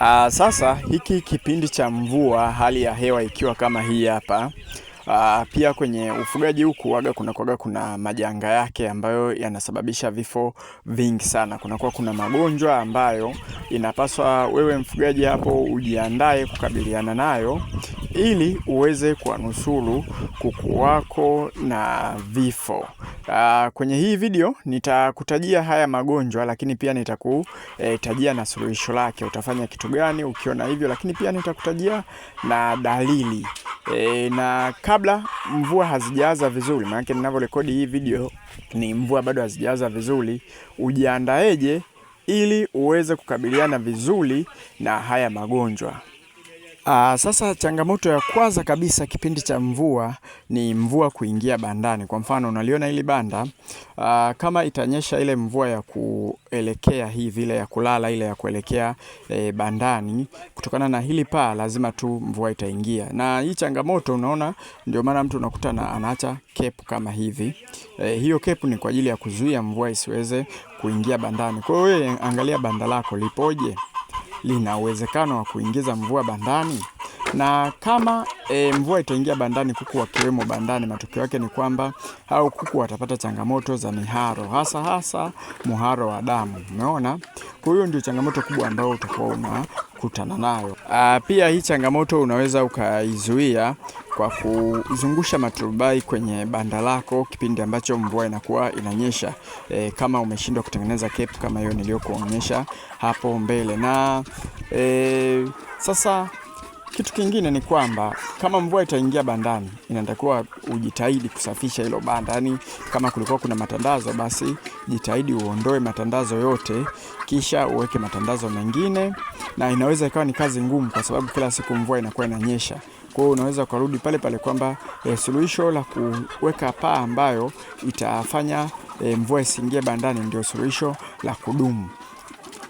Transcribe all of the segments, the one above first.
Aa, ah, sasa hiki kipindi cha mvua, hali ya hewa ikiwa kama hii hapa Aa, ah, pia kwenye ufugaji huku waga kuna kwaga kuna majanga yake ambayo yanasababisha vifo vingi sana. Kunakuwa kuna magonjwa ambayo inapaswa wewe mfugaji hapo ujiandae kukabiliana nayo ili uweze kuwanusuru kuku wako na vifo. Aa, ah, kwenye hii video nitakutajia haya magonjwa, lakini pia nitakutajia na suluhisho lake, utafanya kitu gani ukiona hivyo, lakini pia nitakutajia na dalili e, na kabla mvua hazijaanza vizuri, maanake ninavyorekodi hii video ni mvua bado hazijaanza vizuri, ujiandaeje ili uweze kukabiliana vizuri na haya magonjwa. Aa, ah, sasa changamoto ya kwanza kabisa kipindi cha mvua ni mvua kuingia bandani. Kwa mfano unaliona hili banda aa, ah, kama itanyesha ile mvua ya kuelekea hii vile ya kulala ile ya kuelekea e, bandani, kutokana na hili paa lazima tu mvua itaingia, na hii changamoto unaona, ndio maana mtu unakuta na anaacha kepu kama hivi e, hiyo kepu ni kwa ajili ya kuzuia mvua isiweze kuingia bandani. Kwa hiyo angalia banda lako lipoje lina uwezekano wa kuingiza mvua bandani? na kama e, mvua itaingia bandani kuku wakiwemo bandani, matokeo yake ni kwamba hao kuku watapata changamoto za miharo, hasa hasa muharo wa damu. Umeona, kwa hiyo ndio changamoto kubwa ambayo utakuwa unakutana nayo. Ah, pia hii changamoto unaweza ukaizuia kwa kuzungusha maturubai kwenye banda lako kipindi ambacho mvua inakuwa inanyesha, e, kama umeshindwa kutengeneza kepu kama hiyo niliyokuonyesha hapo mbele na e, sasa kitu kingine ni kwamba kama mvua itaingia bandani, inatakiwa ujitahidi kusafisha hilo banda. Yani kama kulikuwa kuna matandazo, basi jitahidi uondoe matandazo yote, kisha uweke matandazo mengine, na inaweza ikawa ni kazi ngumu, kwa sababu kila siku mvua inakuwa inanyesha. Kwa hiyo unaweza ukarudi pale pale kwamba e, suluhisho la kuweka paa ambayo itafanya e, mvua isiingie bandani ndio suluhisho la kudumu.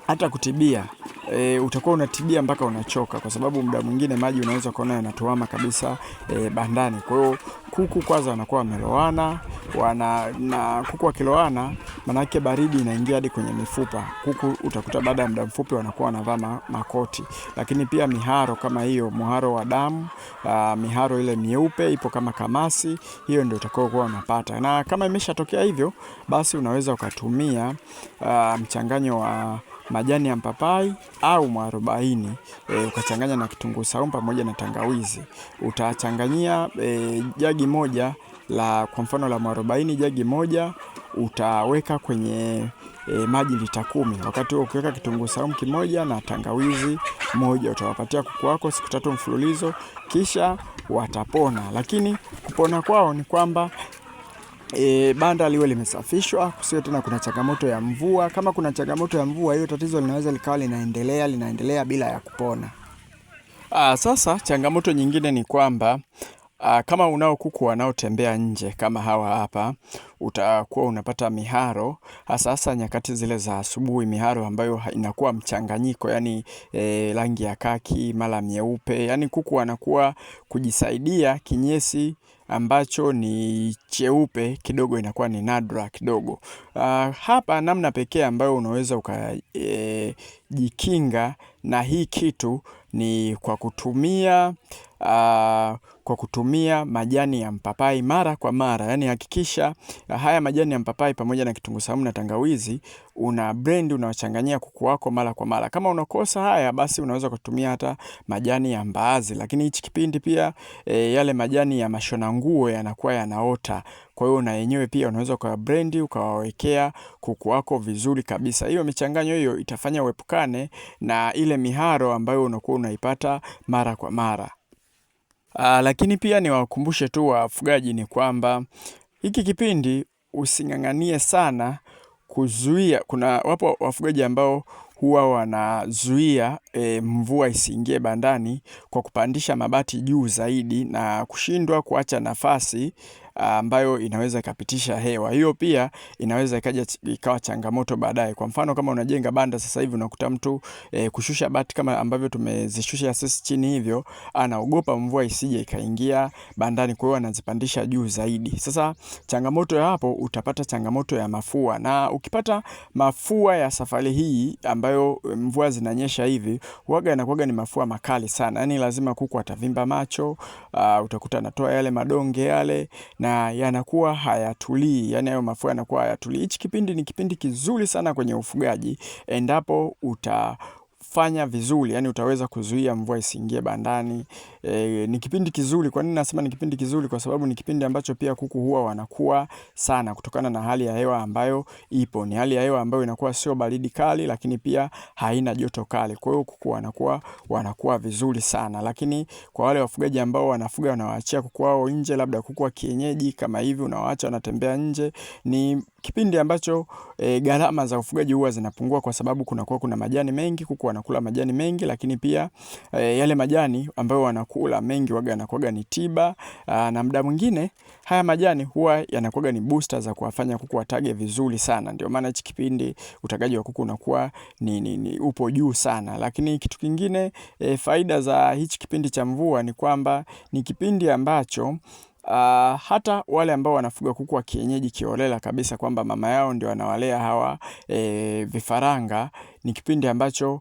Hata kutibia e, utakuwa unatibia mpaka unachoka, kwa sababu muda mwingine maji unaweza kuona yanatuama kabisa e, bandani. Kwa hiyo kuku kwanza wanakuwa wameloana wana, na kuku wakiloana, manake baridi inaingia hadi kwenye mifupa. Kuku utakuta baada ya muda mfupi wanakuwa wanavaa makoti, lakini pia miharo kama hiyo, muharo wa damu, uh, miharo ile mieupe ipo kama kamasi, hiyo ndio utakao kuwa unapata. Na kama imeshatokea hivyo, basi unaweza ukatumia uh, mchanganyo wa majani ya mpapai au mwarobaini e, ukachanganya na kitunguu saumu pamoja na tangawizi. Utachanganyia e, jagi moja la kwa mfano la mwarobaini, jagi moja utaweka kwenye e, maji lita kumi. Wakati huo ukiweka kitunguu saumu kimoja na tangawizi moja, utawapatia kuku wako siku tatu mfululizo, kisha watapona. Lakini kupona kwao ni kwamba E, banda liwe limesafishwa, kusiwe tena kuna changamoto ya mvua. Kama kuna changamoto ya mvua, hiyo tatizo linaweza likawa linaendelea linaendelea bila ya kupona. Aa, ah, sasa changamoto nyingine ni kwamba Uh, kama unao kuku wanaotembea nje kama hawa hapa, utakuwa unapata miharo hasa hasa nyakati zile za asubuhi, miharo ambayo inakuwa mchanganyiko, yani eh, rangi ya kaki mara myeupe, yani kuku wanakuwa kujisaidia kinyesi ambacho ni cheupe kidogo, inakuwa ni nadra kidogo. Uh, hapa namna pekee ambayo unaweza ukajikinga eh, e, na hii kitu ni kwa kutumia uh, kwa kutumia majani ya mpapai mara kwa mara. Yani hakikisha uh, haya majani ya mpapai pamoja na kitunguu saumu na tangawizi una blend, unawachanganyia kuku wako mara kwa mara. Kama unakosa haya, basi unaweza kutumia hata majani ya mbaazi, lakini hichi kipindi pia e, yale majani ya mashona nguo yanakuwa yanaota. Kwa hiyo na yenyewe pia unaweza kwa blend ukawawekea kuku wako vizuri kabisa. Hiyo michanganyo hiyo itafanya uepukane na ile miharo ambayo unakuwa unaipata mara kwa mara. Aa, ah, lakini pia niwakumbushe tu wafugaji ni kwamba hiki kipindi using'ang'anie sana kuzuia. Kuna wapo wafugaji ambao huwa wanazuia e, mvua isiingie bandani kwa kupandisha mabati juu zaidi na kushindwa kuacha nafasi ambayo inaweza ikapitisha hewa. Hiyo pia inaweza ikaja ikawa changamoto baadaye. Kwa mfano kama unajenga banda sasa hivi unakuta mtu e, kushusha bati kama ambavyo tumezishusha sisi chini hivyo, anaogopa mvua isije ikaingia bandani, kwa hiyo anazipandisha juu zaidi. Sasa changamoto ya hapo, utapata changamoto ya mafua, na ukipata mafua ya safari hii ambayo e, mvua zinanyesha hivi, huaga yanakuwaga ni mafua makali sana, yani lazima kuku atavimba macho. Uh, utakuta anatoa yale madonge yale na yanakuwa hayatulii, yani hayo mafua yanakuwa hayatulii. Hichi kipindi ni kipindi kizuri sana kwenye ufugaji endapo uta fanya vizuri, yani utaweza kuzuia mvua isiingie bandani. E, ni kipindi kizuri. Kwa nini nasema ni kipindi kizuri? Kwa sababu ni kipindi ambacho pia kuku huwa wanakuwa sana kutokana na hali ya hewa ambayo ipo. Ni hali ya hewa ambayo inakuwa sio baridi kali, lakini pia haina joto kali. Kwa hiyo kuku wanakuwa wanakuwa vizuri sana. Lakini kwa wale wafugaji ambao wanafuga, wanawaachia kuku wao nje, labda kuku wa kienyeji kama hivi, unawaacha wanatembea nje ni kipindi ambacho e, gharama za ufugaji huwa zinapungua kwa sababu kunakuwa kuna majani mengi, kuku wanakula majani mengi, lakini pia e, yale majani ambayo wanakula mengi waga yanakuwaga ni tiba a, ah, na muda mwingine haya majani huwa yanakuwaga ni booster za kuwafanya kuku watage vizuri sana. Ndio maana hichi kipindi utagaji wa kuku unakuwa ni, ni, ni upo juu sana, lakini kitu kingine e, faida za hichi kipindi cha mvua ni kwamba ni kipindi ambacho Uh, hata wale ambao wanafuga kuku wa kienyeji kiolela kabisa kwamba mama yao ndio anawalea hawa e, vifaranga ni kipindi ambacho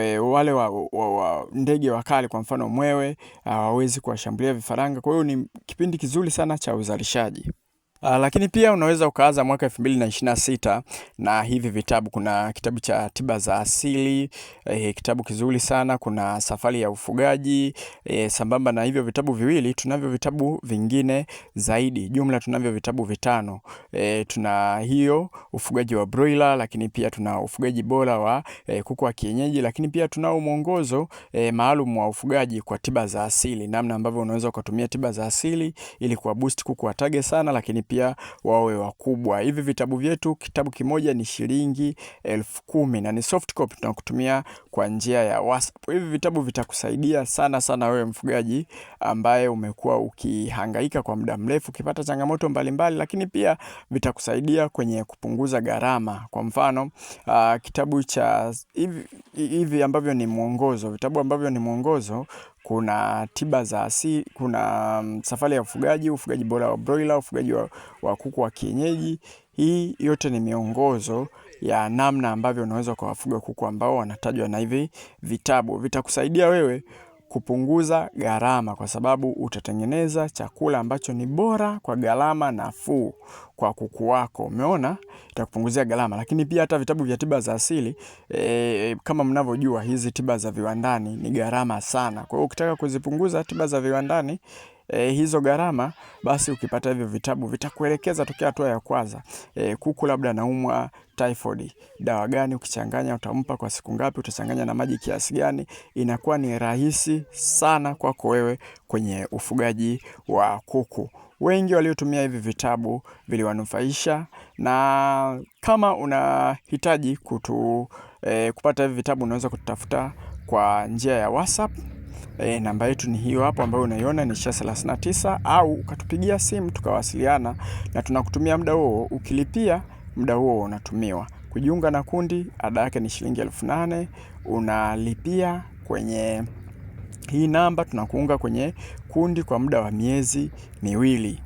e, wale wa, wa, wa, ndege wakali kwa mfano mwewe hawawezi kuwashambulia vifaranga. Kwa hiyo ni kipindi kizuri sana cha uzalishaji. Uh, lakini pia unaweza ukaanza mwaka 2026 na hivi vitabu. Kuna kitabu cha tiba za asili eh, kitabu kizuri sana. Kuna safari ya ufugaji eh, sambamba na hivyo vitabu viwili, tunavyo vitabu vingine zaidi. Jumla tunavyo vitabu vitano eh, tuna hiyo ufugaji wa broiler, lakini pia tuna ufugaji bora wa eh, kuku wa kienyeji, lakini pia tunao mwongozo eh, maalum wa ufugaji kwa tiba za asili, namna ambavyo unaweza kutumia tiba za asili ili kuwa boost kuku watage sana, lakini pia wawe wakubwa. Hivi vitabu vyetu, kitabu kimoja ni shilingi elfu kumi na ni soft copy, tunakutumia kwa njia ya WhatsApp. Hivi vitabu vitakusaidia sana sana wewe mfugaji ambaye umekuwa ukihangaika kwa muda mrefu ukipata changamoto mbalimbali mbali, lakini pia vitakusaidia kwenye kupunguza gharama. Kwa mfano uh, kitabu cha hivi, hivi ambavyo ni mwongozo, vitabu ambavyo ni mwongozo kuna tiba za asili, kuna mm, safari ya ufugaji, ufugaji bora wa broiler, ufugaji wa, wa kuku wa kienyeji. Hii yote ni miongozo ya namna ambavyo unaweza ukawafuga kuku ambao wanatajwa na hivi vitabu, vitakusaidia wewe kupunguza gharama kwa sababu utatengeneza chakula ambacho ni bora kwa gharama nafuu kwa kuku wako. Umeona, itakupunguzia gharama. Lakini pia hata vitabu vya tiba za asili e, kama mnavyojua hizi tiba za viwandani ni gharama sana. Kwa hiyo ukitaka kuzipunguza tiba za viwandani e, hizo gharama, basi ukipata hivyo vitabu vitakuelekeza tokea hatua ya kwanza. E, kuku labda anaumwa typhoid, dawa gani ukichanganya utampa kwa siku ngapi, utachanganya na maji kiasi gani, inakuwa ni rahisi sana kwako wewe kwenye ufugaji wa kuku. Wengi waliotumia hivi vitabu viliwanufaisha, na kama unahitaji kutu, e, kupata hivi vitabu unaweza kututafuta kwa njia ya WhatsApp. E, namba yetu ni hiyo hapo ambayo unaiona ni SHA 39 au ukatupigia simu tukawasiliana na tunakutumia muda huo. Ukilipia muda huo unatumiwa kujiunga na kundi, ada yake ni shilingi elfu nane. Unalipia kwenye hii namba, tunakuunga kwenye kundi kwa muda wa miezi miwili.